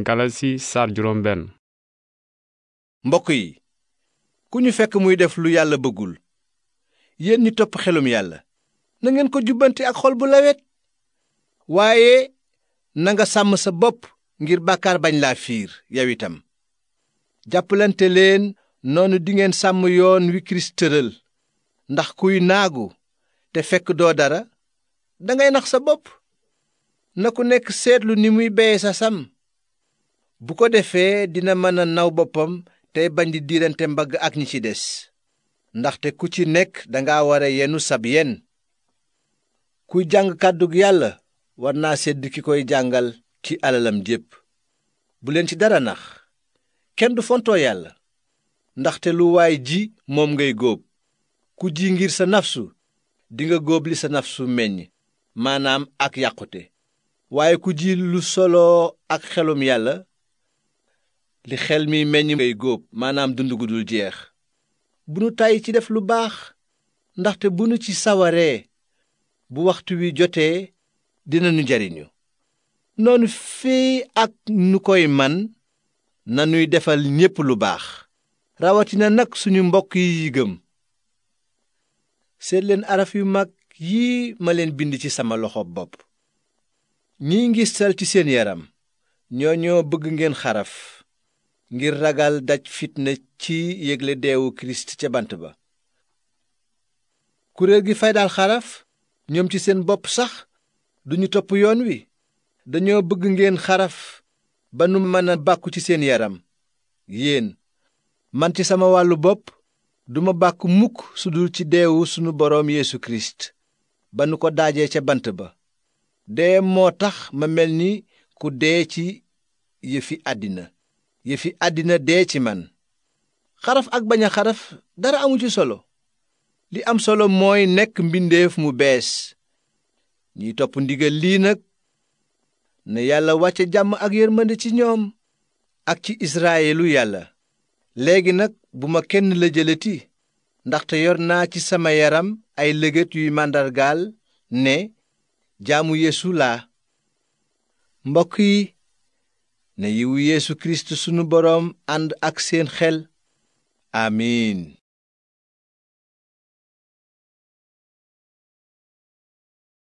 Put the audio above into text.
galasi sar juróom benn mbokk yi ku ñu fekk muy def lu yàlla bëggul yéen ñi topp xelum yàlla na ngeen ko jubbante ak xol bu lawet waaye nanga sàmm sa bopp ngir bàkkaar bañ laa fiir yow itam jàppalante leen noonu dingeen sàmm yoon wi kirist tëral ndax kuy naagu te fekk doo dara dangay nax sa bopp na ku nekk seetlu ni muy beye sa sàmm bu ko defee dina mën a naw boppam tey bañ di diirante mbagg ak ñi ci des ndaxte ku ci nekk danga war a yenu sab yen kuy jàng kàddug yàlla war naa sedd ki koy jàngal ci alalam jépp bu leen ci dara nax kenn du fontoo yàlla ndaxte lu waay ji moom ngay góob ku ji ngir sa nafsu dinga góob li sa nafsu meññ maanaam ak yàqute waaye ku ji lu soloo ak xelum yàlla li xel mi meññ ngay góob maanaam dund gu dul jeex bu nu tàyyi ci def lu baax ndaxte bu nu ci sawaree bu waxtu wi jotee dinañu jariñu noonu fii ak nu koy man na nanuy defal ñépp lu baax rawatina nag suñu mbokk yi gëm seet araf yu mag yii ma leen bind ci sama loxo bopp ñii ngi sal ci seen yaram ñoo ñoo bëgg ngeen xaraf ngir ragal daj fitna ci yégle deewu kirist ca bant ba kuréel gi faydaal xaraf ñoom ci seen bopp sax duñu topp yoon wi dañoo bëgg ngeen xaraf ba nu mën a bàkku ci seen yaram yéen man ci sama wàllu bopp duma bàkku mukk su dul ci deewu sunu boroom yéesu kirist ba nu ko daaje ca bant ba dee moo tax ma mel ni ku dee ci yëfi àddina yëfi àddina dee ci man xaraf ak bañ a xaraf dara amu ci solo li am solo mooy nekk mbindeef mu bees ñiy topp ndigal lii nag ne yàlla wàcce jàmm ak yërmande ci ñoom ak ci israyelu yàlla léegi nag bu ma kenn la jëlati ndaxte yor naa ci sama yaram ay lëgët yuy màndargaal ne jaamu yeesu laa mbokk yi na yiwu yéesu Kirist sunu boroom ànd ak seen xel amiin